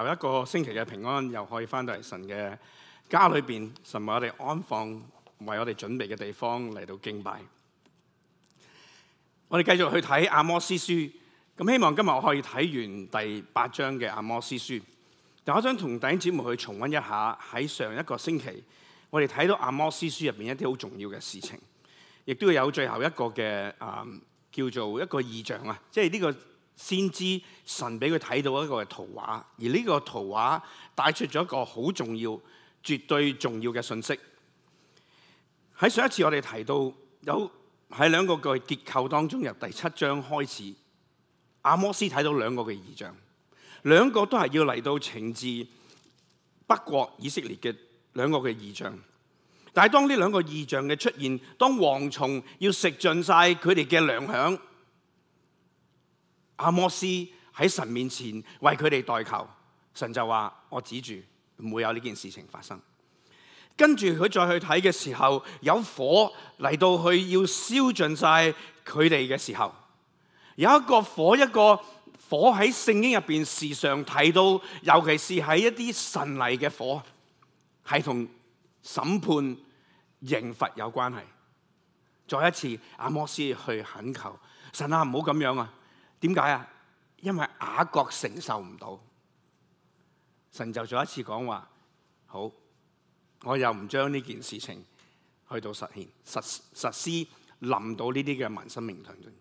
又一個星期嘅平安，又可以翻到嚟神嘅家裏邊，神為我哋安放、為我哋準備嘅地方嚟到敬拜。我哋繼續去睇阿摩司書，咁希望今日我可以睇完第八章嘅阿摩司書。但我想同弟兄姐妹去重溫一下，喺上一個星期我哋睇到阿摩司書入邊一啲好重要嘅事情，亦都有最後一個嘅啊，叫做一個異象啊，即係呢個。先知神俾佢睇到一個嘅圖畫，而呢個圖畫帶出咗一個好重要、絕對重要嘅信息。喺上一次我哋提到有喺兩個嘅結構當中，由第七章開始，阿摩斯睇到兩個嘅異象，兩個都係要嚟到懲治北國以色列嘅兩個嘅異象。但係當呢兩個異象嘅出現，當蝗蟲要食盡晒佢哋嘅糧餉。阿摩斯喺神面前為佢哋代求，神就話：我指住，唔會有呢件事情發生。跟住佢再去睇嘅時候，有火嚟到去要燒盡晒佢哋嘅時候，有一個火，一個火喺聖經入邊時常睇到，尤其是喺一啲神嚟嘅火，係同審判、刑罰有關係。再一次，阿摩斯去懇求神啊，唔好咁樣啊！點解啊？因為雅各承受唔到，神就再一次講話：好，我又唔將呢件事情去到實現、實實施，臨到呢啲嘅民生命團中。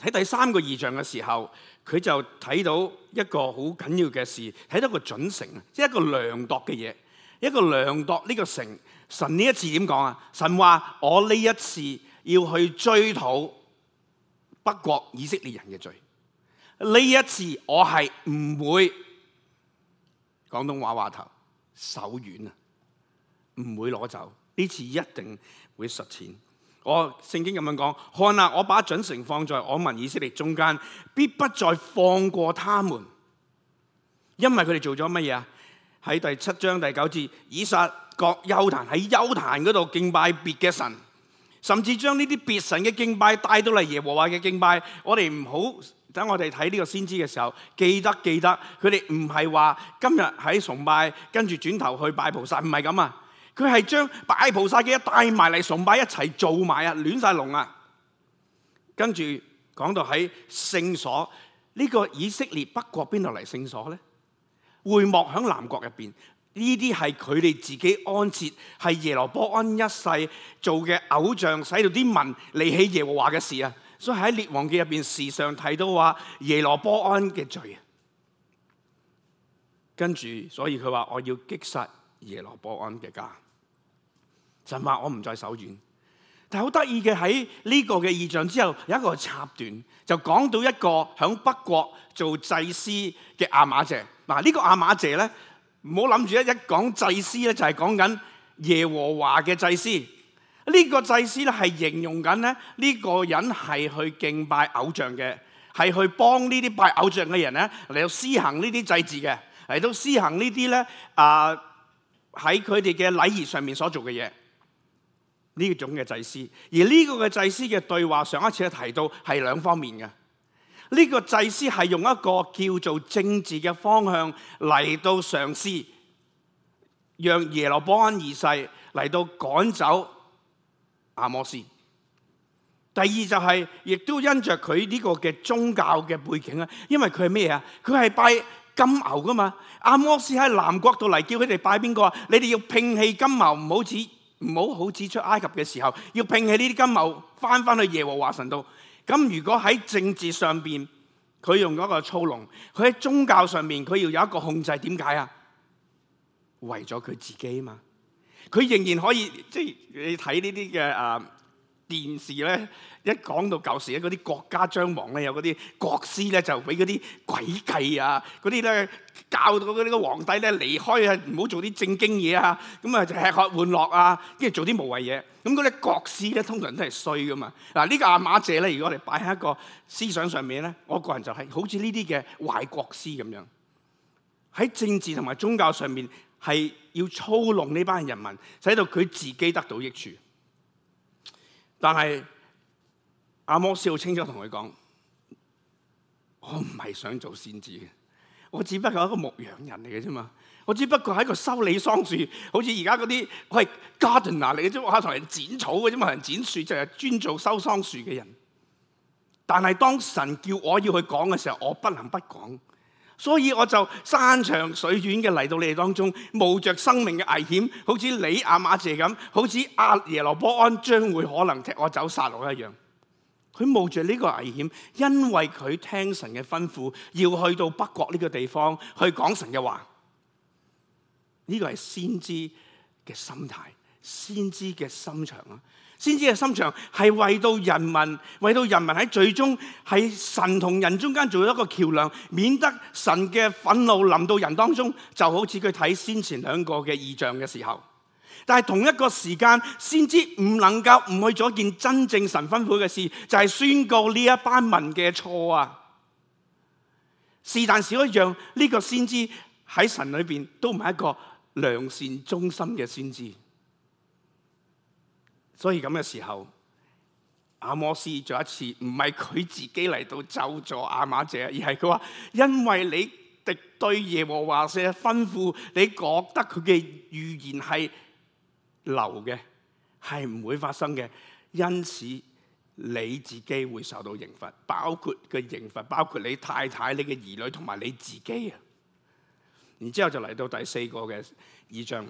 喺第三個異象嘅時候，佢就睇到一個好緊要嘅事，睇到一個準繩，啊，即係一個量度嘅嘢，一個量度呢個城，神呢一次點講啊？神話我呢一次要去追討。北國以色列人嘅罪，呢一次我係唔會廣東話話頭手軟啊，唔會攞走。呢次一定會實踐。我聖經咁樣講，看啊，我把準繩放在我民以色列中間，必不再放過他們，因為佢哋做咗乜嘢啊？喺第七章第九節，以撒各丘壇喺丘壇嗰度敬拜別嘅神。甚至將呢啲別神嘅敬拜帶到嚟耶和華嘅敬拜，我哋唔好等我哋睇呢個先知嘅時候，記得記得佢哋唔係話今日喺崇拜，跟住轉頭去拜菩薩，唔係咁啊！佢係將拜菩薩嘅帶埋嚟崇拜一齊做埋啊，亂晒龍啊！跟住講到喺聖所，呢個以色列北國邊度嚟聖所咧？會幕響南國入邊。呢啲係佢哋自己安設，係耶羅波安一世做嘅偶像，使到啲民離棄耶和華嘅事啊！所以喺列王記入邊，時常睇到話耶羅波安嘅罪。跟住，所以佢話我要擊殺耶羅波安嘅家。神話我唔再手軟。但係好得意嘅喺呢個嘅異象之後，有一個插段，就講到一個響北國做祭司嘅亞瑪謝。嗱，呢個亞瑪謝咧。唔好諗住一一講祭司咧就係講緊耶和華嘅祭司。呢個祭司咧係形容緊咧呢個人係去敬拜偶像嘅，係去幫呢啲拜偶像嘅人咧嚟到施行呢啲祭祀嘅，嚟到施行呢啲咧啊喺佢哋嘅禮儀上面所做嘅嘢呢種嘅祭司。而呢個嘅祭司嘅對話，上一次提到係兩方面嘅。.呢個祭司係用一個叫做政治嘅方向嚟到嘗試，讓耶羅波安二世嚟到趕走阿摩斯。第二就係，亦都因着佢呢個嘅宗教嘅背景咧，因為佢係咩啊？佢係拜金牛噶嘛。阿摩斯喺南國度嚟叫佢哋拜邊個？你哋要摒棄金牛，唔好似唔好好似出埃及嘅時候，要摒棄呢啲金牛，翻翻去耶和華神度。咁如果喺政治上面，佢用嗰個操弄，佢喺宗教上面，佢要有一個控制，點解啊？為咗佢自己嘛，佢仍然可以即係你睇呢啲嘅電視咧一講到舊時咧，嗰啲國家將亡咧有嗰啲國師咧，就俾嗰啲鬼計啊，嗰啲咧教到嗰啲皇帝咧離開啊，唔好做啲正經嘢啊，咁啊就吃喝玩樂啊，跟住做啲無謂嘢。咁嗰啲國師咧通常都係衰噶嘛。嗱，呢個阿摩司咧，如果我哋擺喺一個思想上面咧，我個人就係好似呢啲嘅壞國師咁樣。喺政治同埋宗教上面，係要操弄呢班人民，使到佢自己得到益處。但係，阿摩司清楚同佢講：我唔係想做先知嘅，我只不過一個牧羊人嚟嘅啫嘛，我只不過係一個修理桑樹，好似而家嗰啲喂，gardener 嚟嘅啫，我係同人剪草嘅啫嘛，同人剪樹就係、是、專做修桑樹嘅人。但係當神叫我要去講嘅時候，我不能不講。所以我就山長水遠嘅嚟到你哋當中，冒着生命嘅危險，好似你亞瑪謝咁，好似阿耶羅波安將會可能踢我走殺我一樣。佢冒着呢個危險，因為佢聽神嘅吩咐，要去到北國呢個地方去講神嘅話。呢、這個係先知嘅心態，先知嘅心腸啊！先知嘅心腸係為到人民，為到人民喺最終喺神同人中間做一個橋梁，免得神嘅憤怒臨到人當中，就好似佢睇先前兩個嘅異象嘅時候。但係同一個時間，先知唔能夠唔去做一件真正神吩咐嘅事，就係、是、宣告呢一班民嘅錯啊！是但少一樣，呢、這個先知喺神裏面都唔係一個良善忠心嘅先知。所以咁嘅時候，阿摩司再一次，唔係佢自己嚟到咒助亞瑪謝，而係佢話：因為你敵對耶和華嘅吩咐，你覺得佢嘅預言係流嘅，係唔會發生嘅。因此你自己會受到刑罰，包括佢刑罰，包括你太太、你嘅兒女同埋你自己啊。然之後就嚟到第四個嘅異象，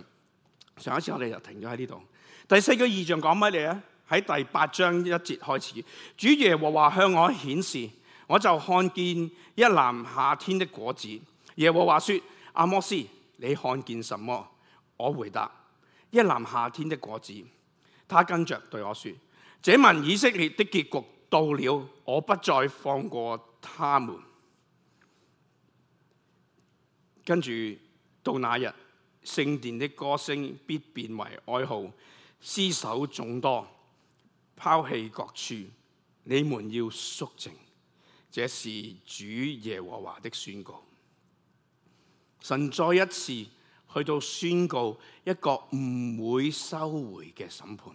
上一次我哋就停咗喺呢度。第四個異象講乜嘢？喺第八章一節開始，主耶和華向我顯示，我就看見一籃夏天的果子。耶和華說：阿摩斯，你看見什麼？我回答：一籃夏天的果子。他跟著對我説：這民以色列的結局到了，我不再放過他們。跟住到那日，聖殿的歌聲必變為哀號，屍首眾多，拋棄各處，你們要肅靜。這是主耶和華的宣告。神再一次去到宣告一個唔會收回嘅審判。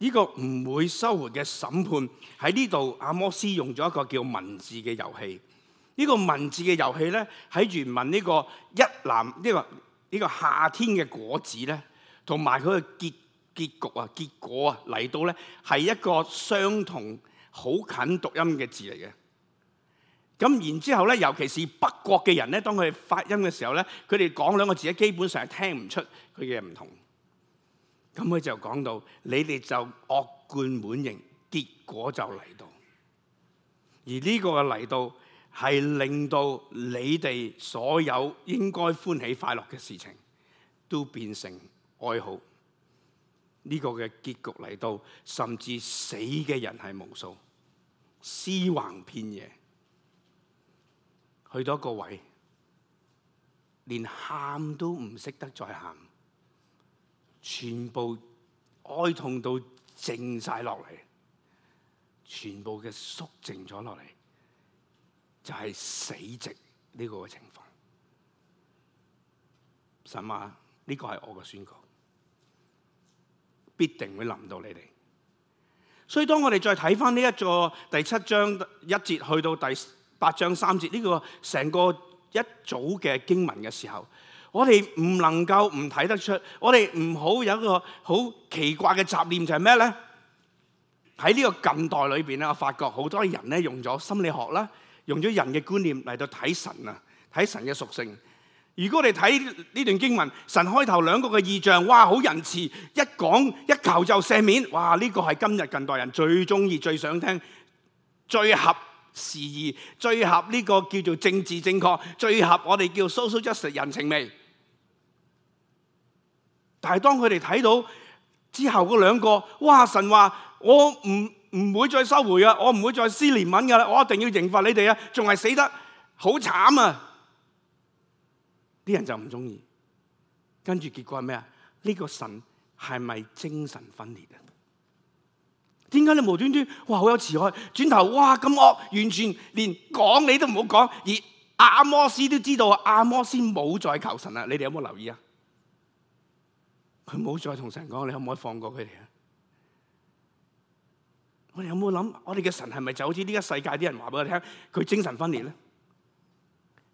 呢、這個唔會收回嘅審判喺呢度，阿摩斯用咗一個叫文字嘅遊戲。呢、這個文字嘅遊戲咧喺原文呢個一南呢、這個。呢個夏天嘅果子咧，同埋佢嘅結結局啊，結果啊嚟到咧，係一個相同好近讀音嘅字嚟嘅。咁然之後咧，尤其是北國嘅人咧，當佢哋發音嘅時候咧，佢哋講兩個字咧，基本上係聽唔出佢嘅唔同。咁佢就講到：你哋就惡貫滿盈，結果就嚟到。而呢個嘅嚟到。係令到你哋所有應該歡喜快樂嘅事情，都變成哀號。呢個嘅結局嚟到，甚至死嘅人係無數，屍橫遍野。去到一個位，連喊都唔識得再喊，全部哀痛到靜晒落嚟，全部嘅肅靜咗落嚟。就係死寂呢個嘅情況，神啊，呢個係我嘅宣告，必定會臨到你哋。所以當我哋再睇翻呢一個第七章一節去到第八章三節呢個成個一組嘅經文嘅時候，我哋唔能夠唔睇得出，我哋唔好有一個好奇怪嘅雜念，就係咩咧？喺呢個近代裏邊咧，我發覺好多人咧用咗心理學啦。用咗人嘅觀念嚟到睇神啊，睇神嘅屬性。如果我哋睇呢段經文，神開頭兩個嘅意象，哇，好仁慈，一講一求就赦免，哇！呢、呢個係今日近代人最中意、最想聽、最合時宜、最合呢個叫做政治正確、最合我哋叫 social justice 人情味。但係當佢哋睇到之後嗰兩個，哇！神話我唔唔會再收回啊！我唔會再施憐憫噶啦！我一定要刑罰你哋啊！仲係死得好慘啊！啲人就唔中意，跟住結果係咩啊？呢個神係咪精神分裂啊？點解你無端端哇好有慈愛，轉頭哇咁惡，完全連講你都唔好講，而阿摩斯都知道阿摩斯冇再求神啦！你哋有冇留意啊？佢冇再同神講，你可唔可以放過佢哋啊？我哋有冇諗？我哋嘅神係咪就好似呢個世界啲人話俾我聽佢精神分裂咧？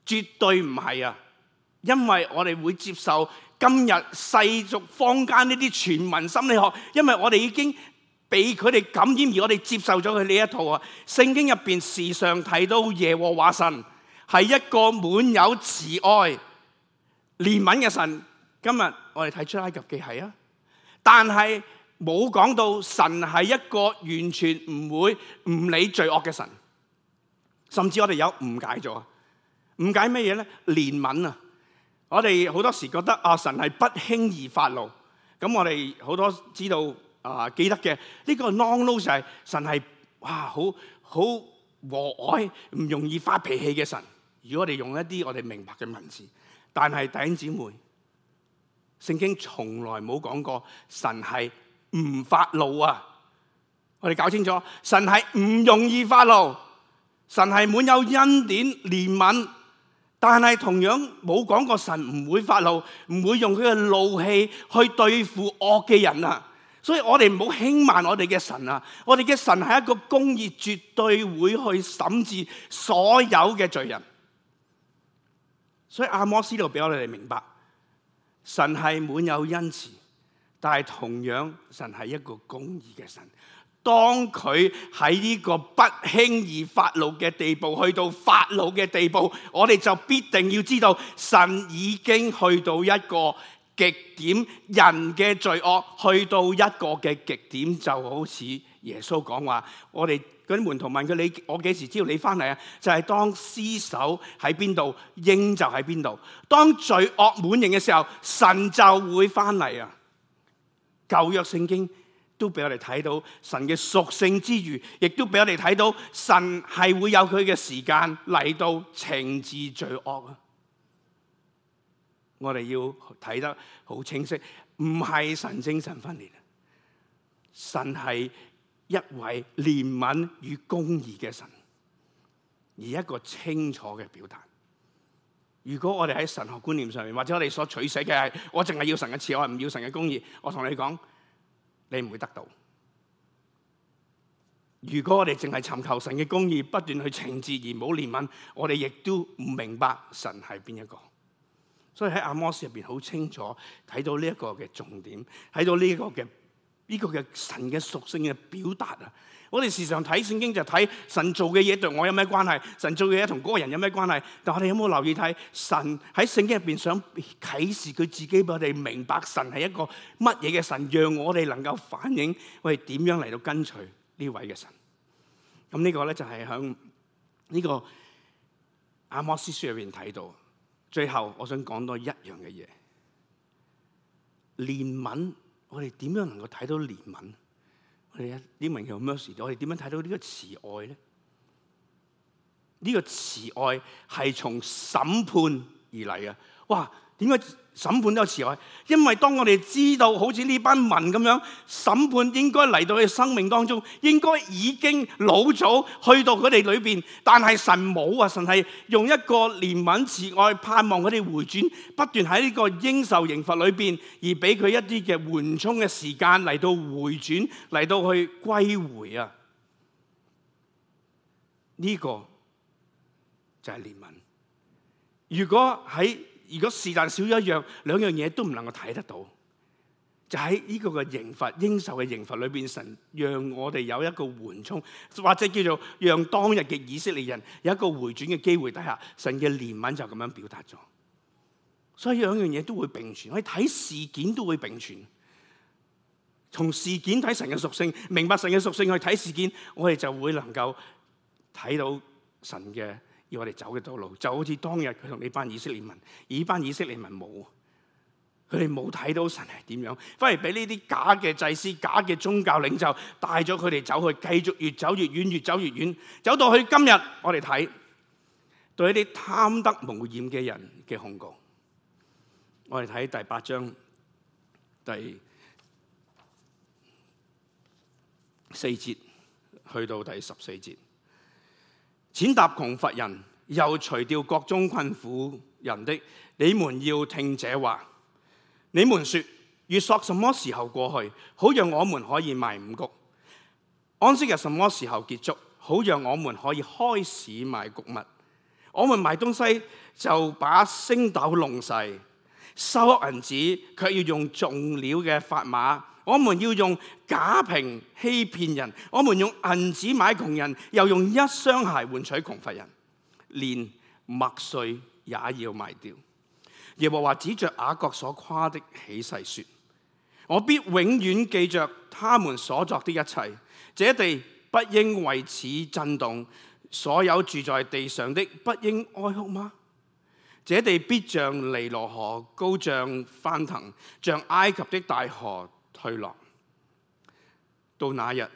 絕對唔係啊！因為我哋會接受今日世俗坊間呢啲全民心理學，因為我哋已經畀佢哋感染，而我哋接受咗佢呢一套啊！聖經入邊時常睇到耶和華神係一個滿有慈愛、憐憫嘅神。今日我哋睇出埃及記係啊，但係。冇講到神係一個完全唔會唔理罪惡嘅神，甚至我哋有誤解咗，誤解乜嘢咧？憐憫啊！我哋好多時覺得啊，神係不輕易發怒，咁我哋好多知道啊，記得嘅呢、這個 non n o n look 就係神係哇，好好和藹，唔容易發脾氣嘅神。如果我哋用一啲我哋明白嘅文字但是，但係弟兄姊妹，聖經從來冇講過神係。唔發怒啊！我哋搞清楚，神係唔容易發怒，神係滿有恩典憐憫，但係同樣冇講過神唔會發怒，唔會用佢嘅怒氣去對付惡嘅人啊！所以我哋唔好輕慢我哋嘅神啊！我哋嘅神係一個公義，絕對會去審視所有嘅罪人。所以阿摩司度俾我哋明白，神係滿有恩慈。但係同樣，神係一個公義嘅神。當佢喺呢個不輕易發怒嘅地步，去到發怒嘅地步，我哋就必定要知道，神已經去到一個極點，人嘅罪惡去到一個嘅極點，就好似耶穌講話，我哋嗰啲門徒問佢：你我幾時知道你翻嚟啊？就係、是、當屍首喺邊度，鷹就喺邊度。當罪惡滿盈嘅時候，神就會翻嚟啊！舊約聖經都俾我哋睇到神嘅屬性之餘，亦都俾我哋睇到神係會有佢嘅時間嚟到懲治罪惡啊！我哋要睇得好清晰，唔係神精神分裂，神係一位憐憫與公義嘅神，而一個清楚嘅表達。如果我哋喺神學觀念上面，或者我哋所取捨嘅係我淨係要神嘅慈愛，我唔要神嘅公義，我同你講，你唔會得到。如果我哋淨係尋求神嘅公義，不斷去懲治而冇憐憫，我哋亦都唔明白神係邊一個。所以喺阿摩司入邊好清楚睇到呢一個嘅重點，睇到呢一個嘅。呢個嘅神嘅屬性嘅表達啊，我哋時常睇聖經就睇神做嘅嘢對我有咩關係，神做嘅嘢同嗰個人有咩關係？但我哋有冇留意睇神喺聖經入邊想啟示佢自己俾我哋明白神係一個乜嘢嘅神，讓我哋能夠反映，我哋點樣嚟到跟隨呢位嘅神？咁呢個咧就係響呢個阿摩司書入邊睇到。最後我想講多一樣嘅嘢，憐憫。我哋點樣能夠睇到憐憫？我哋一憐憫有咩事？我哋點樣睇到呢個慈愛呢？呢、這個慈愛係從審判而嚟啊！哇！應該審判都有慈愛，因為當我哋知道好似呢班民咁樣審判應該嚟到佢生命當中，應該已經老早去到佢哋裏邊，但係神冇啊，神係用一個憐憫慈愛，盼望佢哋回轉，不斷喺呢個應受刑罰裏邊，而俾佢一啲嘅緩衝嘅時間嚟到回轉，嚟到去歸回啊。呢個就係憐憫。如果喺如果是但少咗一樣，兩樣嘢都唔能夠睇得到。就喺呢個嘅刑罰，應受嘅刑罰裏邊，神讓我哋有一個緩衝，或者叫做讓當日嘅以色列人有一個回轉嘅機會底下，神嘅憐憫就咁樣表達咗。所以兩樣嘢都會並存，我哋睇事件都會並存。從事件睇神嘅屬性，明白神嘅屬性去睇事件，我哋就會能夠睇到神嘅。要我哋走嘅道路，就好似當日佢同呢班以色列民，呢班以色列民冇，佢哋冇睇到神係點樣，反而俾呢啲假嘅祭司、假嘅宗教領袖帶咗佢哋走去，繼續越走越遠，越走越遠，走越遠走到去今日，我哋睇對一啲貪得無厭嘅人嘅控告，我哋睇第八章第四節去到第十四節。踐踏窮乏人，又除掉各種困苦人的，你們要聽這話。你們說：月朔什麼時候過去，好讓我們可以賣五穀？安息日什麼時候結束，好讓我們可以開始賣穀物？我們賣東西就把星斗弄細，收銀子卻要用重料嘅砝碼。我們要用假秤欺騙人，我們用銀子買窮人，又用一雙鞋換取窮乏人，連麥碎也要賣掉。耶和華指着雅各所誇的起誓說：我必永遠記着他們所作的一切。這地不應為此震動，所有住在地上的不應哀哭嗎？這地必像尼羅河高漲翻騰，像埃及的大河。退落。到那日，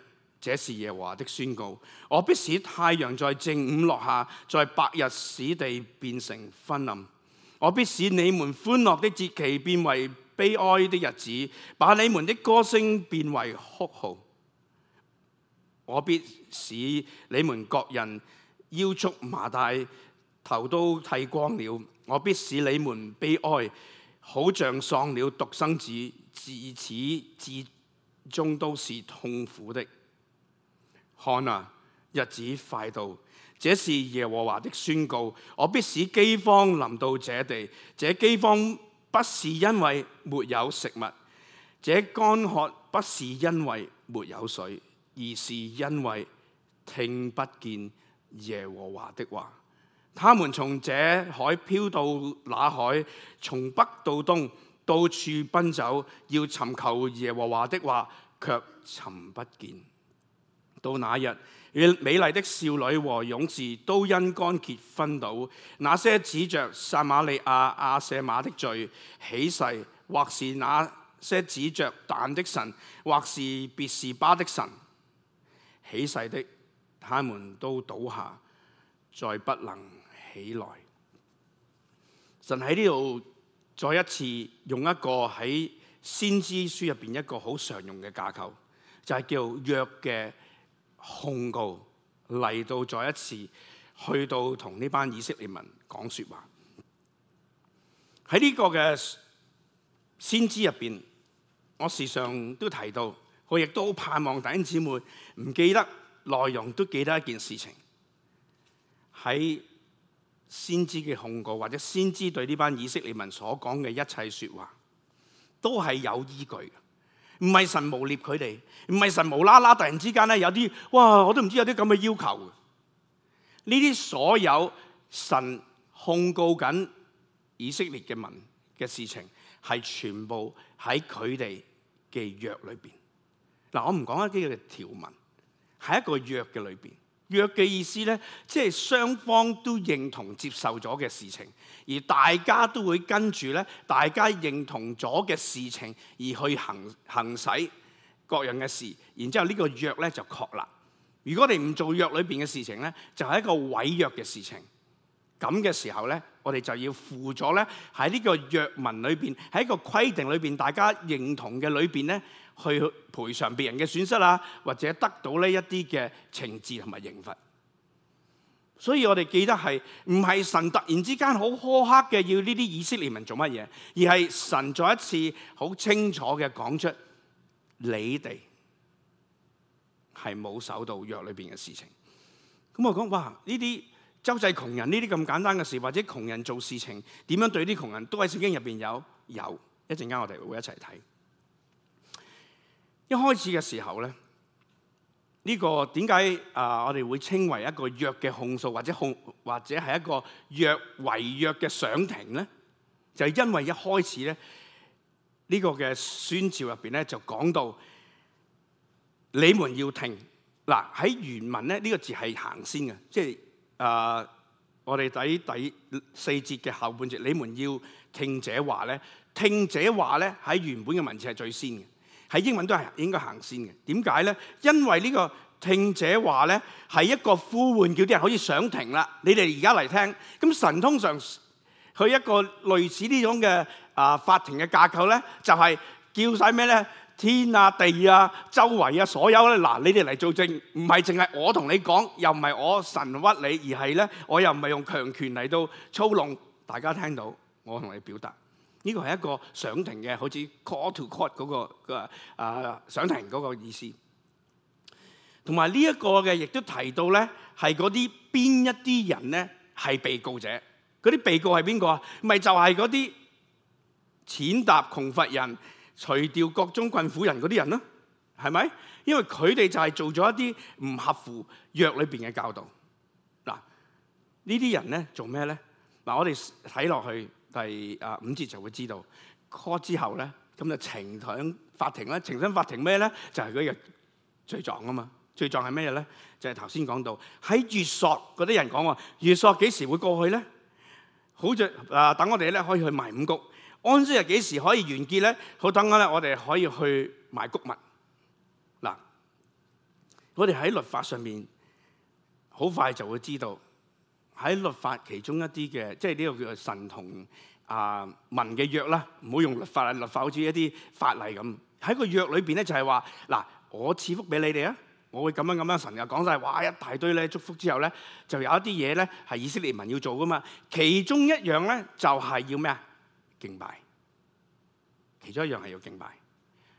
這是耶和華的宣告：我必使太陽在正午落下，在白日使地變成昏暗；我必使你們歡樂的節期變為悲哀的日子，把你們的歌聲變為哭號。我必使你們各人腰束麻帶，頭都剃光了。我必使你們悲哀，好像喪了獨生子。自始，始至終都是痛苦的。看啊，日子快到，這是耶和華的宣告。我必使饑荒臨到這地。這饑荒不是因為沒有食物，這乾渴不是因為沒有水，而是因為聽不見耶和華的話。他們從這海漂到那海，從北到東。到處奔走，要尋求耶和華的話，卻尋不見。到那日，與美麗的少女和勇士都因乾結昏倒。那些指着撒瑪利亞阿舍瑪的罪起誓，或是那些指着但的神，或是別是巴的神起誓的，他們都倒下，再不能起來。神喺呢度。再一次用一個喺先知書入邊一個好常用嘅架構，就係、是、叫約嘅控告嚟到再一次去到同呢班以色列民講説話。喺呢個嘅先知入邊，我時常都提到，我亦都好盼望弟兄姊妹唔記得內容，都記得一件事情喺。先知嘅控告或者先知對呢班以色列民所講嘅一切説話，都係有依據嘅，唔係神，神無裂佢哋，唔係神無啦啦突然之間咧有啲，哇！我都唔知有啲咁嘅要求。呢啲所有神控告緊以色列嘅民嘅事情，係全部喺佢哋嘅約裏邊。嗱，我唔講一啲嘅條文，係一個約嘅裏邊。約嘅意思呢，即係雙方都認同接受咗嘅事情，而大家都會跟住呢，大家認同咗嘅事情而去行行使各樣嘅事，然之後呢個約呢就確立。如果你唔做約裏邊嘅事情呢，就係一個違約嘅事情。咁嘅時候呢，我哋就要負咗呢喺呢個約文裏面，喺個規定裏面，大家認同嘅裏面呢，去賠償別人嘅損失啊，或者得到呢一啲嘅懲治同埋刑罰。所以我哋記得係唔係神突然之間好苛刻嘅要呢啲以色列人做乜嘢？而係神再一次好清楚嘅講出，你哋係冇守到約裏面嘅事情。咁我講哇，呢啲。周濟窮人呢啲咁簡單嘅事，或者窮人做事情點樣對啲窮人都喺聖經入邊有有，一陣間我哋會一齊睇。一開始嘅時候咧，呢個點解啊我哋會稱為一個約嘅控訴，或者控或者係一個約違約嘅上庭咧？就係因為一開始咧，呢個嘅宣召入邊咧就講到你們要聽嗱，喺原文咧呢個字係行先嘅，即係。啊！Uh, 我哋喺第四節嘅後半節，你們要聽者話咧，聽者話咧喺原本嘅文字係最先嘅，喺英文都係應該行先嘅。點解咧？因為呢個聽者話咧係一個呼喚，叫啲人可以上庭啦。你哋而家嚟聽，咁神通常佢一個類似呢種嘅啊法庭嘅架構咧，就係、是、叫晒咩咧？天啊地啊，周圍啊，所有咧嗱、啊，你哋嚟做證，唔係淨係我同你講，又唔係我神屈你，而係咧，我又唔係用強權嚟到操弄大家聽到我同你表達，呢個係一個上庭嘅，好似 call to court 嗰、嗰個嘅啊、嗰個呃、上庭嗰個意思。同埋呢一個嘅，亦都提到咧，係嗰啲邊一啲人咧係被告者，嗰啲被告係邊個啊？咪就係嗰啲踐踏窮乏人。除掉各種困苦人嗰啲人啦，係咪？因為佢哋就係做咗一啲唔合乎約裏邊嘅教導。嗱，呢啲人咧做咩咧？嗱，我哋睇落去第啊五節就會知道，call 之後咧，咁就呈上法庭啦。呈上法庭咩咧？就係嗰個罪狀啊嘛。罪狀係咩咧？就係頭先講到喺月朔嗰啲人講話，月朔幾時會過去咧？好着啊，等我哋咧可以去埋五穀。安息日幾時可以完結咧？好等我咧，我哋可以去埋谷物。嗱，我哋喺律法上面好快就會知道喺律法其中一啲嘅，即係呢個叫做神同啊民嘅約啦。唔、呃、好用律法，律法好似一啲法例咁。喺個約裏面咧就係話：嗱，我賜福俾你哋啊！我會咁樣咁樣神，神又講晒，哇一大堆咧祝福之後咧，就有一啲嘢咧係以色列民要做噶嘛。其中一樣咧就係要咩啊？敬拜，其中一樣係要敬拜。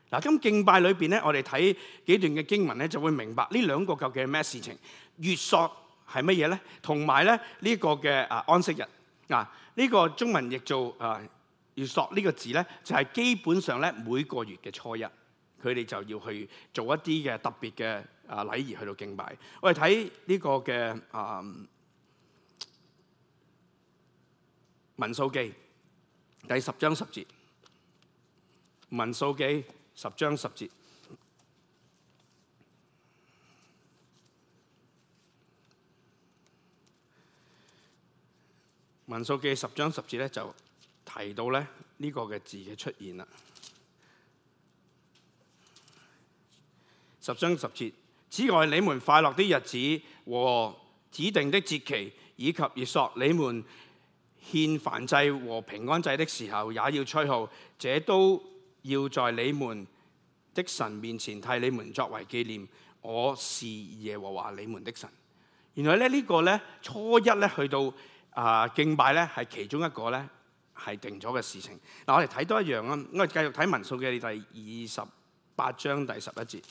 嗱，咁敬拜裏邊咧，我哋睇幾段嘅經文咧，就會明白呢兩個究竟係咩事情。月朔係乜嘢咧？同埋咧呢個嘅啊安息日啊，呢個中文譯做啊月朔呢個字咧，就係基本上咧每個月嘅初一，佢哋就要去做一啲嘅特別嘅啊禮儀去到敬拜。我哋睇呢個嘅啊民數記。第十章十節，《民數記，十十民數記十十》十章十節，《民數記》十章十節咧就提到咧呢個嘅字嘅出現啦。十章十節，此外，你們快樂的日子和指定的節期以及月朔你們。獻燔祭和平安祭的時候，也要吹號，這都要在你們的神面前替你們作為紀念。我是耶和華你們的神。原來咧呢個呢，初一呢去到啊敬拜呢，係其中一個呢，係定咗嘅事情。嗱，我哋睇多一樣啊，我哋繼續睇民數嘅第二十八章第十一節。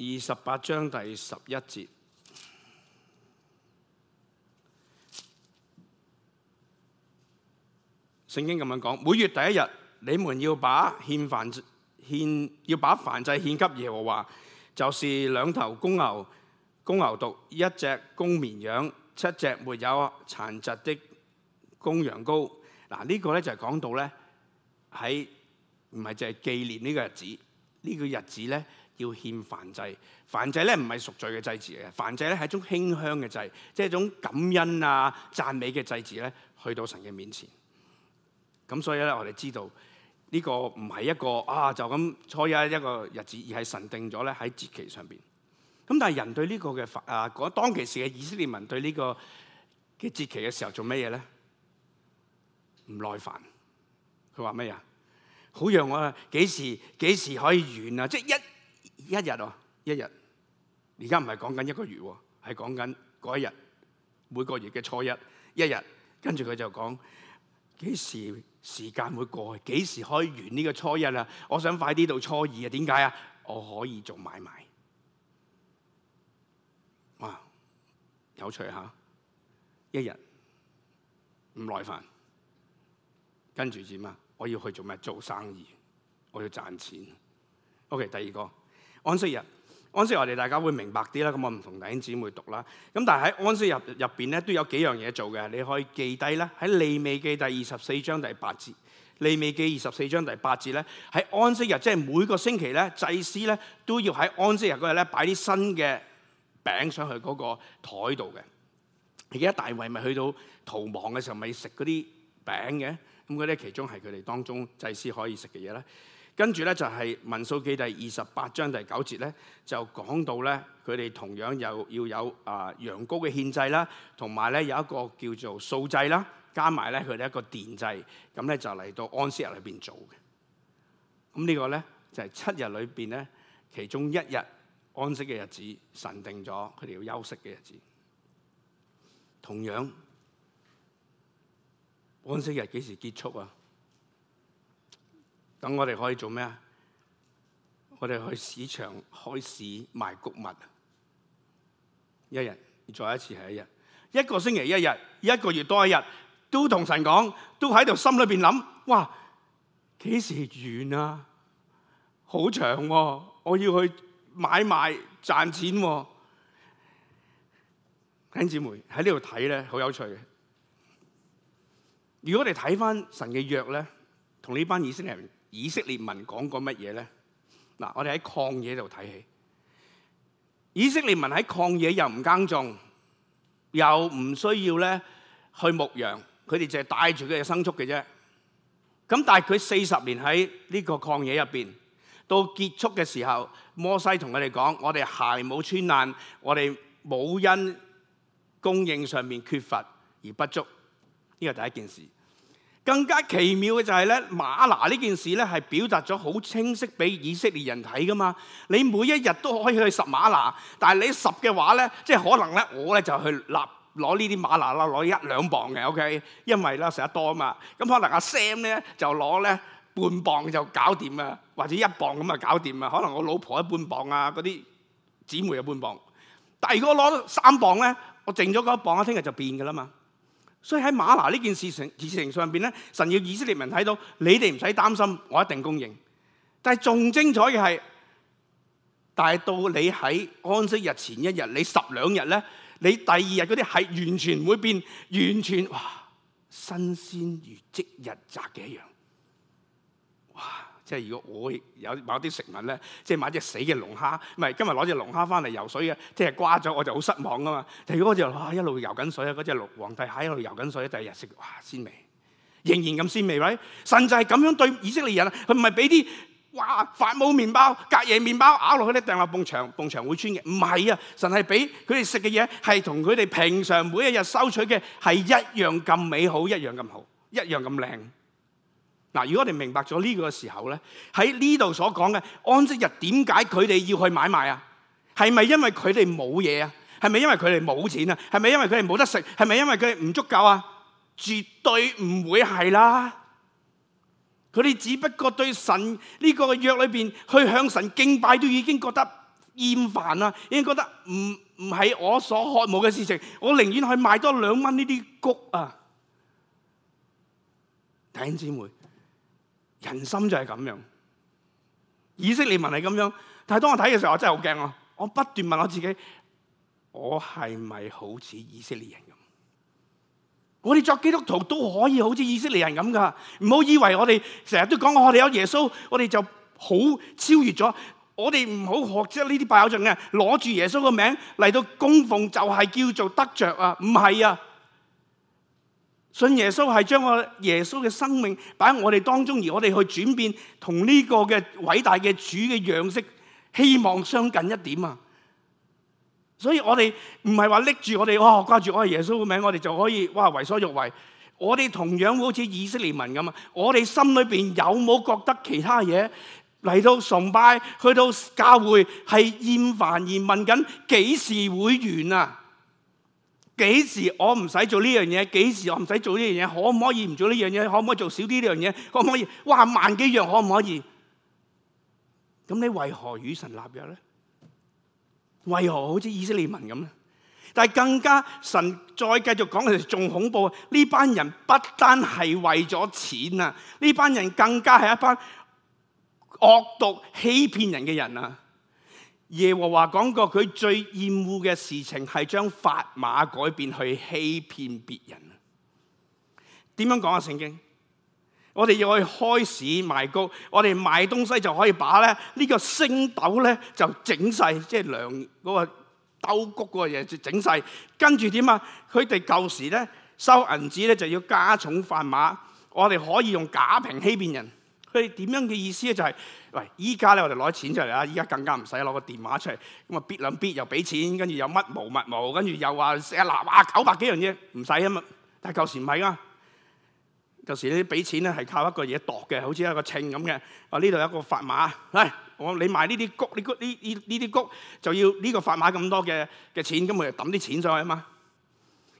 二十八章第十一節。聖經咁樣講，每月第一日，你們要把獻燔獻要把燔祭獻給耶和華，就是兩頭公牛、公牛犢，一隻公綿羊，七隻沒有殘疾的公羊羔。嗱、這個，呢個咧就係講到咧喺唔係淨係紀念呢個日子。呢、這個日子咧要獻燔祭。燔祭咧唔係贖罪嘅祭祀嘅，燔祭咧係一種馨香嘅祭，即、就、係、是、一種感恩啊讚美嘅祭祀咧，去到神嘅面前。咁所以咧，我哋知道呢個唔係一個啊，就咁初一一個日子，而係神定咗咧喺節期上邊。咁但係人對呢個嘅法啊，講當其時嘅以色列民對呢個嘅節期嘅時候做咩嘢咧？唔耐煩。佢話咩啊？好讓我幾時幾時可以完啊！即係一一日哦，一日。而家唔係講緊一個月，係講緊嗰一日每個月嘅初一，一日。跟住佢就講幾時？時間會過去，幾時可以完呢個初一啊？我想快啲到初二啊！點解啊？我可以做買賣，哇！有趣下、啊，一日唔耐煩，跟住點啊？我要去做咩？做生意，我要賺錢。OK，第二個安息日。安息日，我哋大家會明白啲啦。咁我唔同弟兄姊妹讀啦。咁但係喺安息日入邊咧，都有幾樣嘢做嘅。你可以記低咧。喺利未記第二十四章第八節，利未記二十四章第八節咧，喺安息日，即係每個星期咧，祭司咧都要喺安息日嗰日咧擺啲新嘅餅上去嗰個台度嘅。而家大衛咪去到逃亡嘅時候，咪食嗰啲餅嘅。咁嗰啲其中係佢哋當中祭司可以食嘅嘢咧。跟住咧就係民數記第二十八章第九節咧，就講到咧佢哋同樣又要有啊羊羔嘅獻祭啦，同埋咧有一個叫做素祭啦，加埋咧佢哋一個奠祭，咁咧就嚟到安息日裏邊做嘅。咁呢個咧就係七日裏邊咧，其中一日安息嘅日子，神定咗佢哋要休息嘅日子。同樣安息日幾時結束啊？等我哋可以做咩？我哋去市場開市賣谷物，一日再一次係一日，一個星期一日，一個月多一日，都同神講，都喺度心裏面諗：哇，幾時完啊？好長喎、啊，我要去買賣賺錢喎、啊。弟兄姊妹喺呢度睇呢，好有趣嘅。如果我哋睇返神嘅約呢，同呢班以色列人。以色列民講過乜嘢咧？嗱，我哋喺曠野度睇起以色列民喺曠野又唔耕種，又唔需要咧去牧羊，佢哋淨係帶住佢哋牲畜嘅啫。咁但係佢四十年喺呢個曠野入邊，到結束嘅時候，摩西同佢哋講：我哋鞋冇穿爛，我哋冇因供應上面缺乏而不足。呢個第一件事。更加奇妙嘅就係、是、咧，馬拿呢件事咧係表達咗好清晰俾以色列人睇噶嘛。你每一日都可以去拾馬拿，但係你拾嘅話咧，即係可能咧，我咧就去拿攞呢啲馬拿啦，攞一兩磅嘅，OK，因為啦食得多啊嘛。咁可能阿、啊、Sam 咧就攞咧半磅就搞掂啊，或者一磅咁啊搞掂啊。可能我老婆一半磅啊，嗰啲姊妹一半磅。但係如果攞三磅咧，我剩咗嗰一磅啊，聽日就變噶啦嘛。所以喺馬拿呢件事情事情上邊咧，神要以色列人睇到，你哋唔使擔心，我一定供應。但係仲精彩嘅係，但係到你喺安息日前一日，你十兩日咧，你第二日嗰啲係完全唔會變，完全哇新鮮如即日摘嘅一樣，哇！即係如果我有買啲食物咧，即係買隻死嘅龍蝦，唔係今日攞隻龍蝦翻嚟游水嘅，聽日瓜咗我就好失望噶嘛。但如果就哇一路遊緊水啊，嗰隻皇帝蟹一路遊緊水，第二日食哇鮮味，仍然咁鮮味，喂，神就係咁樣對以色列人，佢唔係俾啲哇發霉麵包、隔夜麵包咬落去咧掟落埲牆、埲牆會穿嘅，唔係啊，神係俾佢哋食嘅嘢係同佢哋平常每一日收取嘅係一樣咁美好，一樣咁好，一樣咁靚。嗱，如果我哋明白咗呢個時候咧，喺呢度所講嘅安息日點解佢哋要去買賣啊？係咪因為佢哋冇嘢啊？係咪因為佢哋冇錢啊？係咪因為佢哋冇得食？係咪因為佢哋唔足夠啊？絕對唔會係啦！佢哋只不過對神呢個約裏邊去向神敬拜都已經覺得厭煩啦，已經覺得唔唔係我所渴慕嘅事情，我寧願去賣多兩蚊呢啲谷啊，弟兄姊妹。人心就係咁樣，以色列民係咁樣，但係當我睇嘅時候，我真係好驚啊！我不斷問我自己，我係咪好似以色列人咁？我哋作基督徒都可以好似以色列人咁㗎，唔好以為我哋成日都講我哋有耶穌，我哋就好超越咗。我哋唔好學即係呢啲拜偶像嘅，攞住耶穌個名嚟到供奉，就係叫做得著啊？唔係啊？信耶穌係將我耶穌嘅生命擺喺我哋當中，而我哋去轉變，同呢個嘅偉大嘅主嘅樣式，希望相近一點啊！所以我哋唔係話拎住我哋哇掛住我係耶穌嘅名，我哋就可以哇為所欲為。我哋同樣好似以色列民咁啊！我哋心裏邊有冇覺得其他嘢嚟到崇拜，去到教會係厭煩而問緊幾時會完啊？幾時我唔使做呢樣嘢？幾時我唔使做呢樣嘢？可唔可以唔做呢樣嘢？可唔可，可，可以做少啲呢樣嘢？可唔可以？哇，萬幾樣可唔可以？咁你為何與神立約咧？為何好似以色列文咁咧？但係更加神，再繼續講其實，仲恐怖。呢班人不單係為咗錢啊，呢班人更加係一班惡毒欺騙人嘅人啊！耶和華講過，佢最厭惡嘅事情係將砝碼改變去欺騙別人。點樣講啊？聖經，我哋要去開市賣穀，我哋賣東西就可以把咧呢個升斗咧就整細，即係糧嗰個斗穀嗰個嘢整細。跟住點啊？佢哋舊時咧收銀紙咧就要加重砝碼，我哋可以用假瓶欺騙人。佢哋點樣嘅意思咧？就係、是。喂！依家咧我哋攞錢出嚟啦，依家更加唔使攞個電話出嚟，咁啊 bit 兩 bit 又俾錢，跟住又乜無乜無，跟住又話，成日嗱哇九百幾樣嘢唔使啊嘛，但係舊時唔係啊，舊時咧俾錢咧係靠一個嘢度嘅，好似一個稱咁嘅，我呢度有一個砝碼，喂我你買呢啲谷呢谷呢呢呢啲谷就要呢個砝碼咁多嘅嘅錢，咁我哋揼啲錢上去啊嘛。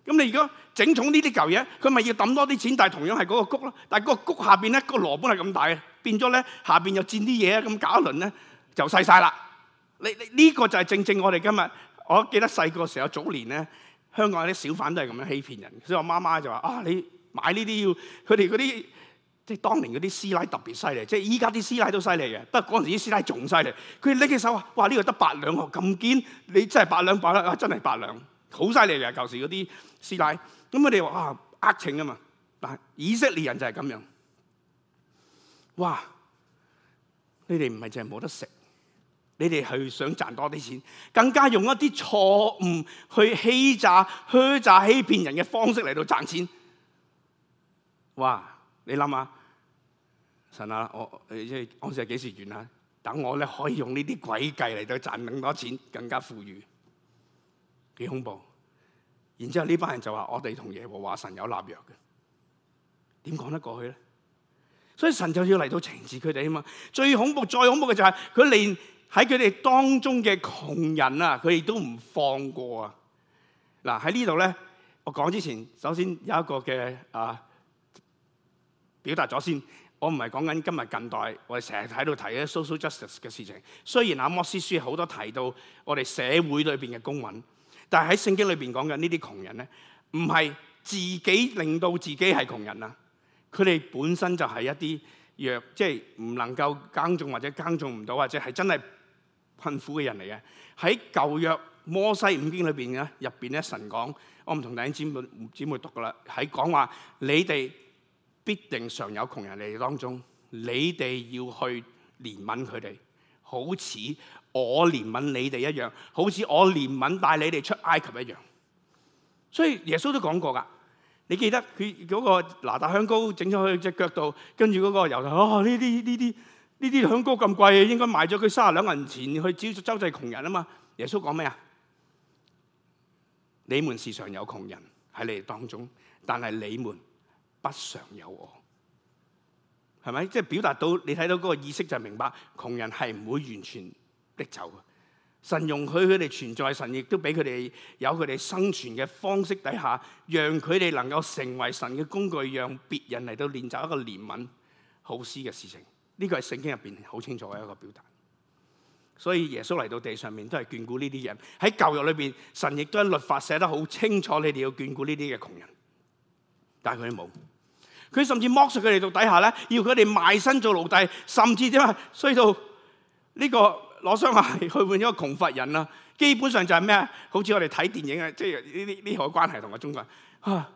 咁你如果整重呢啲舊嘢，佢咪要抌多啲錢？但係同樣係嗰個谷咯，但係個谷下邊咧個蘿蔔係咁大嘅，變咗咧下邊又佔啲嘢咁搞一輪咧就細晒啦。你你呢個就係正正我哋今日，我記得細個時候早年咧，香港啲小販都係咁樣欺騙人。所以我媽媽就話：啊，你買呢啲要佢哋嗰啲即係當年嗰啲師奶特別犀利，即係依家啲師奶都犀利嘅，不過嗰陣時啲師奶仲犀利。佢拎起手話：哇！呢個得八兩喎，咁堅，你真係八兩八兩啊，真係八兩。好犀利啊，舊時嗰啲師奶，咁佢哋話啊，呃情啊嘛，但係以色列人就係咁樣，哇！你哋唔係淨係冇得食，你哋去想賺多啲錢，更加用一啲錯誤去欺詐、虛詐、欺騙人嘅方式嚟到賺錢。哇！你諗下，神啊，我即係講先係幾時完啊？等我咧可以用呢啲詭計嚟到賺更多錢，更加富裕。幾恐怖！然之後呢班人就話：我哋同耶和華神有立約嘅，點講得過去咧？所以神就要嚟到懲治佢哋啊嘛！最恐怖、最恐怖嘅就係、是、佢連喺佢哋當中嘅窮人啊，佢哋都唔放過啊！嗱，喺呢度咧，我講之前，首先有一個嘅啊表達咗先。我唔係講緊今日近代，我哋成日喺度提 social justice 嘅事情。雖然阿摩司書好多提到我哋社會裏邊嘅公允。但係喺聖經裏邊講嘅呢啲窮人咧，唔係自己令到自己係窮人啊！佢哋本身就係一啲弱，即係唔能夠耕種或者耕種唔到，或者係真係困苦嘅人嚟嘅。喺舊約摩西五經裏邊嘅入邊咧，神講：我唔同弟兄姊妹姊妹讀噶啦，喺講話你哋必定常有窮人嚟當中，你哋要去憐憫佢哋，好似。我憐憫你哋一樣，好似我憐憫帶你哋出埃及一樣。所以耶穌都講過噶，你記得佢嗰個拿嗒香膏整咗去隻腳度，跟住嗰個猶大哦呢啲呢啲呢啲香膏咁貴，應該賣咗佢卅兩銀錢去資助周濟窮人啊嘛。耶穌講咩啊？你們時常有窮人喺你哋當中，但係你們不常有我，係咪？即係表達到你睇到嗰個意識就明白，窮人係唔會完全的就，神容許佢哋存在，神亦都俾佢哋有佢哋生存嘅方式底下，讓佢哋能夠成為神嘅工具，讓別人嚟到練習一個憐憫、好施嘅事情。呢個係聖經入邊好清楚嘅一個表達。所以耶穌嚟到地上面都係眷顧呢啲人。喺舊約裏邊，神亦都喺律法寫得好清楚，你哋要眷顧呢啲嘅窮人。但係佢哋冇，佢甚至剝削佢哋，到底下咧要佢哋賣身做奴隸，甚至點啊衰到呢個。攞雙鞋去換一個窮乏人啦、啊，基本上就係咩啊？好似我哋睇電影啊，即係呢呢呢海關係同我中國嚇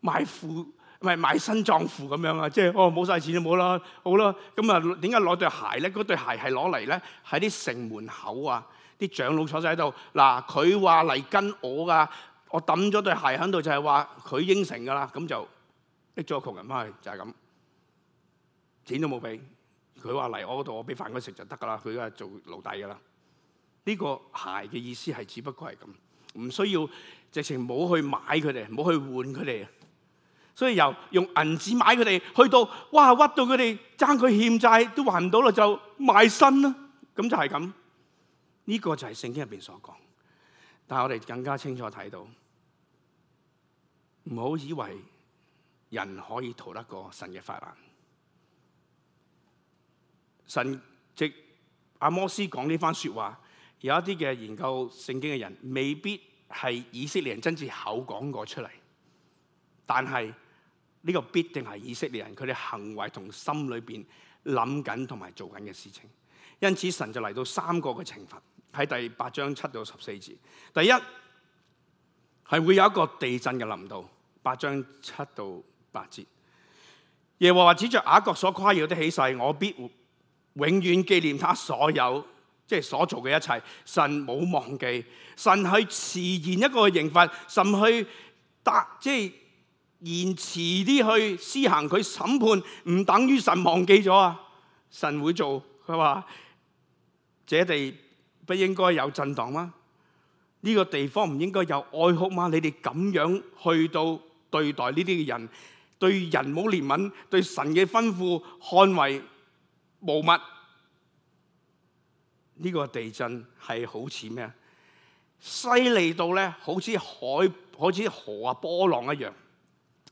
買褲唔係買身裝褲咁樣啊！即係哦冇晒錢就冇啦，好啦，咁啊點解攞對鞋咧？嗰對鞋係攞嚟咧喺啲城門口啊！啲長老坐晒喺度，嗱佢話嚟跟我噶，我抌咗對鞋喺度就係話佢應承噶啦，咁就搦咗窮人翻去就係、是、咁，錢都冇俾。佢話嚟我嗰度，我俾飯佢食就得噶啦。佢啊做奴隸噶啦。呢、這個鞋嘅意思係只不過係咁，唔需要直情冇去買佢哋，冇去換佢哋。所以由用銀紙買佢哋，去到哇屈到佢哋爭佢欠債都還唔到啦，就賣身啦。咁就係咁。呢、這個就係聖經入邊所講，但係我哋更加清楚睇到，唔好以為人可以逃得過神嘅法網。神藉阿摩司講呢番說話，有一啲嘅研究聖經嘅人未必係以色列人真正口講過出嚟，但係呢、這個必定係以色列人佢哋行為同心裏邊諗緊同埋做緊嘅事情。因此神就嚟到三個嘅懲罰喺第八章七到十四節。第一係會有一個地震嘅臨到，八章七到八節。耶和華指着雅各所誇耀的起誓，我必會。永遠紀念他所有，即係所做嘅一切。神冇忘記，神去遲延一個刑罰，神去達即係延遲啲去施行佢審判，唔等於神忘記咗啊！神會做，佢話：這地不應該有震盪嗎？呢個地方唔應該有哀哭嗎？你哋咁樣去到對待呢啲嘅人，對人冇憐憫，對神嘅吩咐捍衛。冇乜呢個地震係好似咩啊？犀利到咧，好似海，好似河啊波浪一樣。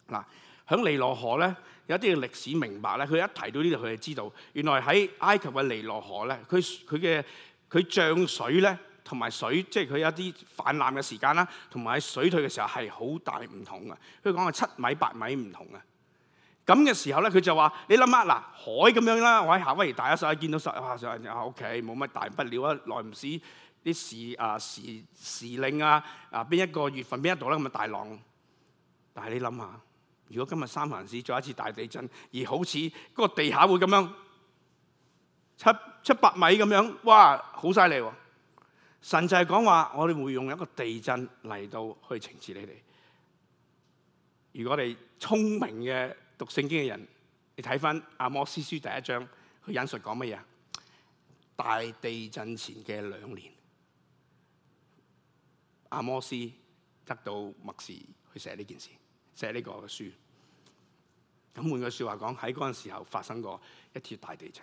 嗱，喺尼羅河咧，有啲嘅歷史明白咧，佢一提到呢度，佢就知道原來喺埃及嘅尼羅河咧，佢佢嘅佢漲水咧，同埋水即係佢有一啲泛濫嘅時間啦，同埋喺水退嘅時候係好大唔同嘅！佢講係七米八米唔同嘅！咁嘅時候咧，佢就話：你諗下嗱，海咁樣啦，我喺夏威夷大第一世見到世哇，喺屋企冇乜大不了啊，來唔時啲時啊時時令啊啊邊一個月份邊一度咧咁嘅大浪。但係你諗下，如果今日三藩市再一次大地震，而好似嗰個地下會咁樣七七百米咁樣，哇，好犀利！神就係講話，我哋會用一個地震嚟到去懲治你哋。如果你聰明嘅，讀聖經嘅人，你睇翻《阿摩司書》第一章，佢引述講乜嘢啊？大地震前嘅兩年，阿摩司得到默示去寫呢件事，寫呢個書。咁換句說話講，喺嗰陣時候發生過一次大地震。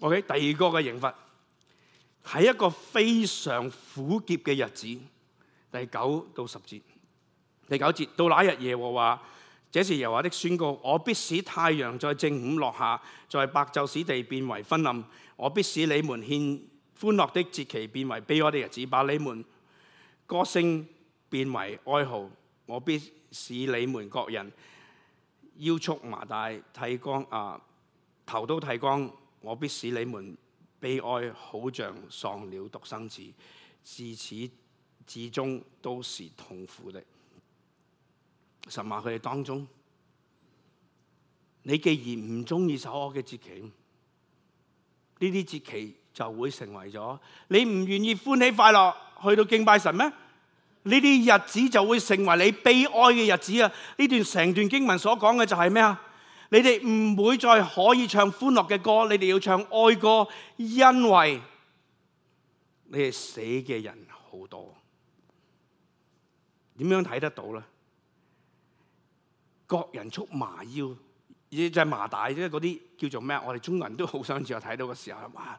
OK，第二個嘅刑罰喺一個非常苦澀嘅日子，第九到十節，第九節到那一日耶和華。這是耶和華的宣告：我必使太陽在正午落下，在白晝使地變為昏暗；我必使你們獻歡樂的節期變為悲哀的日子，把你們歌聲變為哀號。我必使你們各人腰束麻帶，剃光啊，頭都剃光。我必使你們悲哀，好像喪了獨生子，自始至終都是痛苦的。神話佢哋當中，你既然唔中意守我嘅節期，呢啲節期就會成為咗你唔願意歡喜快樂去到敬拜神咩？呢啲日子就會成為你悲哀嘅日子啊！呢段成段經文所講嘅就係咩啊？你哋唔會再可以唱歡樂嘅歌，你哋要唱哀歌，因為你哋死嘅人好多，點樣睇得到咧？各人束麻腰，亦就係麻袋啫。嗰啲叫做咩？我哋中國人都好相似，我睇到嘅時候嘛，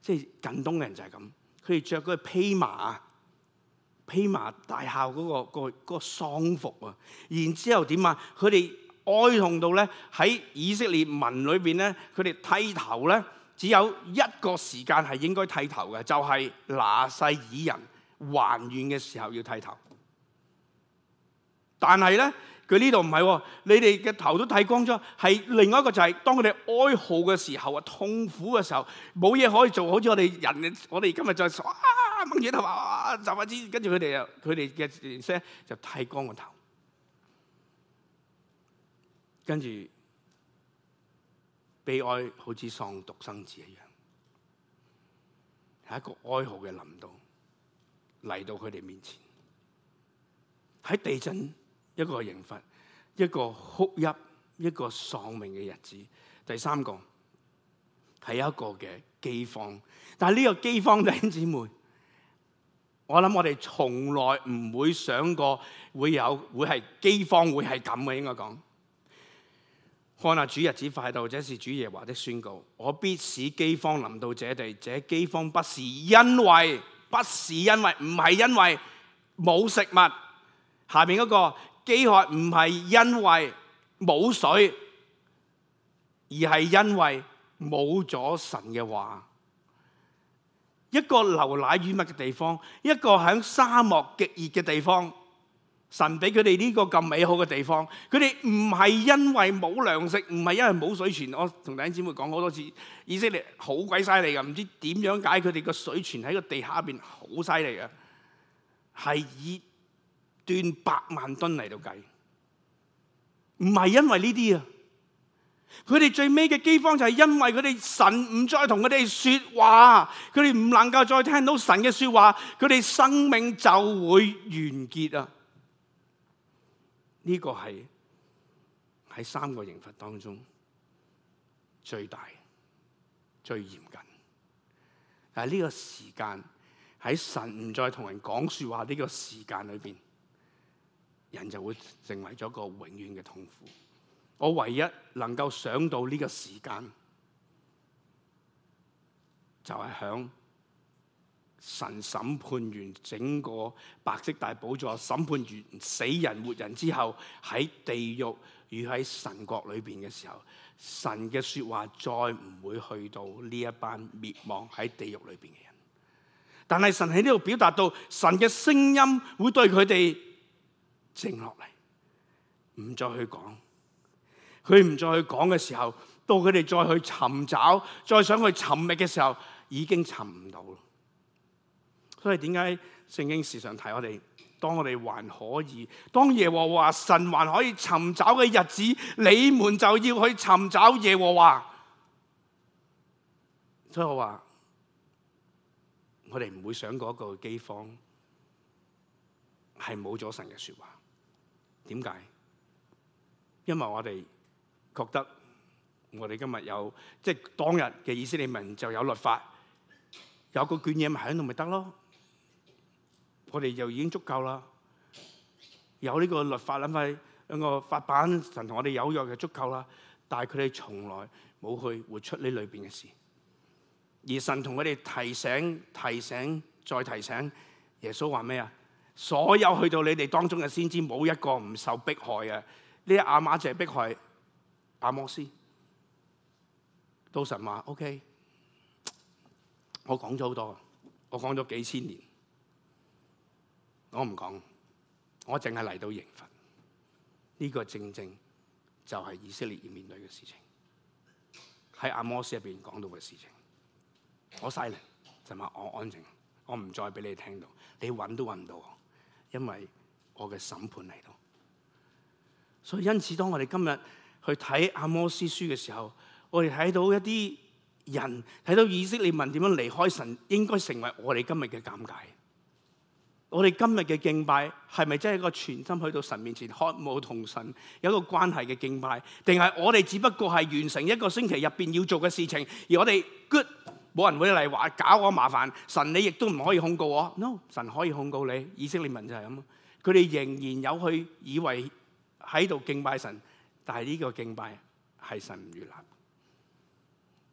即係近東人就係咁，佢哋着嗰個披麻、披麻大孝嗰、嗰個、嗰個、嗰個喪服啊。然之後點啊？佢哋哀痛到咧，喺以色列文裏邊咧，佢哋剃頭咧，只有一個時間係應該剃頭嘅，就係拿細耳人還願嘅時候要剃頭。但係咧。佢呢度唔係喎，你哋嘅頭都剃光咗，係另外一個就係當佢哋哀號嘅時候啊，痛苦嘅時候，冇嘢可以做，好似我哋人嘅，我哋今日再哇掹住頭髮，就話知跟住佢哋又佢哋嘅聲就剃光個頭，跟住悲哀好似喪獨生子一樣，係一個哀號嘅臨到嚟到佢哋面前喺地震。一個刑罰，一個哭泣，一個喪命嘅日子。第三個係一個嘅饑荒，但係呢個饑荒，弟兄姊妹，我諗我哋從來唔會想過會有，會係饑荒，會係咁嘅，應該講。看下主日子快到，這是主耶和華的宣告，我必使饑荒臨到這地，這饑荒不是因為，不是因為，唔係因為冇食物，下面嗰個。飢渴唔係因為冇水，而係因為冇咗神嘅話。一個流奶與蜜嘅地方，一個喺沙漠極熱嘅地方，神俾佢哋呢個咁美好嘅地方，佢哋唔係因為冇糧食，唔係因為冇水泉。我同弟兄姊妹講好多次，以色列好鬼犀利㗎，唔知點樣解佢哋個水泉喺個地下入邊好犀利嘅，係以。段百萬噸嚟到計，唔係因為呢啲啊，佢哋最尾嘅饑荒就係因為佢哋神唔再同佢哋說話，佢哋唔能夠再聽到神嘅說話，佢哋生命就會完結啊！呢個係喺三個刑罰當中最大、最嚴謹。但係呢個時間喺神唔再同人講說話呢個時間裏邊。人就會成為咗個永遠嘅痛苦。我唯一能夠想到呢個時間，就係響神審判完整個白色大寶座，審判完死人活人之後，喺地獄與喺神國裏邊嘅時候，神嘅說話再唔會去到呢一班滅亡喺地獄裏邊嘅人。但係神喺呢度表達到，神嘅聲音會對佢哋。靜落嚟，唔再去講，佢唔再去講嘅時候，到佢哋再去尋找、再想去尋覓嘅時候，已經尋唔到咯。所以點解聖經時常提我哋？當我哋還可以，當耶和華神還可以尋找嘅日子，你們就要去尋找耶和華。所以我話，我哋唔會想過一個饑荒係冇咗神嘅說話。點解？因為我哋覺得我哋今日有，即係當日嘅以色列民就有律法，有個卷嘢，咪喺度咪得咯？我哋就已經足夠啦。有呢個律法諗翻兩個法版，神同我哋有約，就足夠啦。但係佢哋從來冇去活出呢裏邊嘅事。而神同佢哋提醒、提醒、再提醒，耶穌話咩啊？所有去到你哋當中嘅先知，冇一個唔受迫害嘅。呢阿瑪就係迫害阿摩斯，都神話 OK。我講咗好多，我講咗幾千年，我唔講。我淨係嚟到刑罰，呢、這個正正就係以色列要面對嘅事情。喺阿摩斯入邊講到嘅事情，我犀利神話，我安靜，我唔再俾你聽到，你揾都揾唔到我。因為我嘅審判嚟到，所以因此當我哋今日去睇阿摩司書嘅時候，我哋睇到一啲人睇到以色列民點樣離開神，應該成為我哋今日嘅尷尬。我哋今日嘅敬拜係咪真係一個全心去到神面前，渴慕同神有一個關係嘅敬拜，定係我哋只不過係完成一個星期入邊要做嘅事情，而我哋個？冇人會嚟話搞我麻煩，神你亦都唔可以控告我。no，神可以控告你，以色列民就係咁，佢哋仍然有去以為喺度敬拜神，但係呢個敬拜係神唔悅納。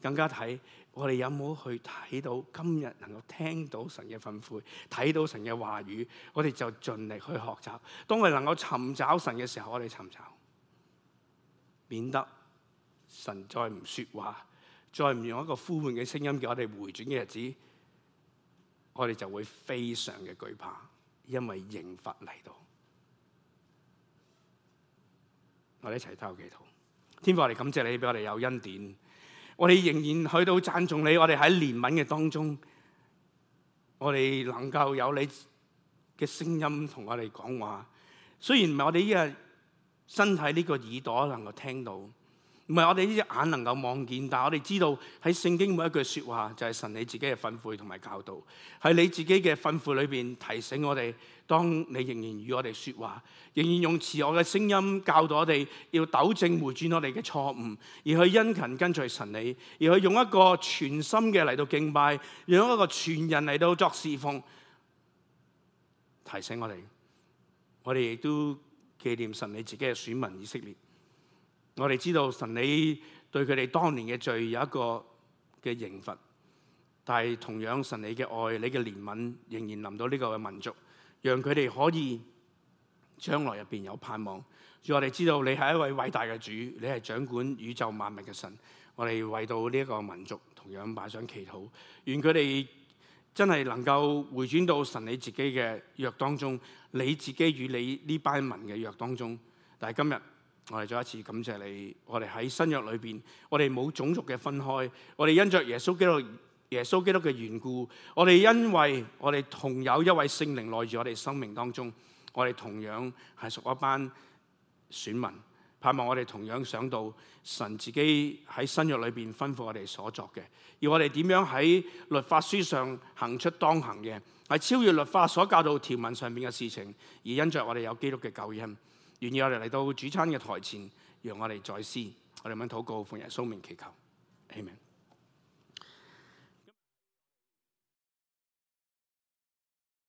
更加睇我哋有冇去睇到今日能夠聽到神嘅訓誨，睇到神嘅話語，我哋就盡力去學習。當我哋能夠尋找神嘅時候，我哋尋找，免得神再唔說話。再唔用一個呼喚嘅聲音叫我哋回轉嘅日子，我哋就會非常嘅懼怕，因為刑罰嚟到。我哋一齊禱告祈禱，天父，我哋感謝你俾我哋有恩典，我哋仍然去到讚頌你，我哋喺憐憫嘅當中，我哋能夠有你嘅聲音同我哋講話。雖然唔係我哋今日身體呢個耳朵能夠聽到。唔係我哋呢隻眼能夠望見，但我哋知道喺聖經每一句說話就係、是、神你自己嘅訓誨同埋教導，喺你自己嘅訓誨裏面，提醒我哋，當你仍然與我哋說話，仍然用慈愛嘅聲音教導我哋，要糾正回轉我哋嘅錯誤，而去殷勤跟隨神你，而去用一個全心嘅嚟到敬拜，用一個全人嚟到作侍奉，提醒我哋，我哋亦都紀念神你自己嘅選民以色列。我哋知道神你對佢哋當年嘅罪有一個嘅刑罰，但係同樣神你嘅愛、你嘅憐憫仍然臨到呢個嘅民族，讓佢哋可以將來入邊有盼望。所以我哋知道你係一位偉大嘅主，你係掌管宇宙萬物嘅神。我哋為到呢一個民族同樣擺上祈禱，願佢哋真係能夠回轉到神你自己嘅約當中，你自己與你呢班民嘅約當中。但係今日。我哋再一次感謝你。我哋喺新約裏邊，我哋冇種族嘅分開。我哋因着耶穌基督、耶穌基督嘅緣故，我哋因為我哋同有一位聖靈內住我哋生命當中，我哋同樣係屬一班選民。盼望我哋同樣想到神自己喺新約裏邊吩咐我哋所作嘅，而我哋點樣喺律法書上行出當行嘅，喺超越律法所教導條文上面嘅事情，而因着我哋有基督嘅救恩。願意我哋嚟到主餐嘅台前，讓我哋再思，我哋咁樣禱告，奉耶穌名祈求，Amen.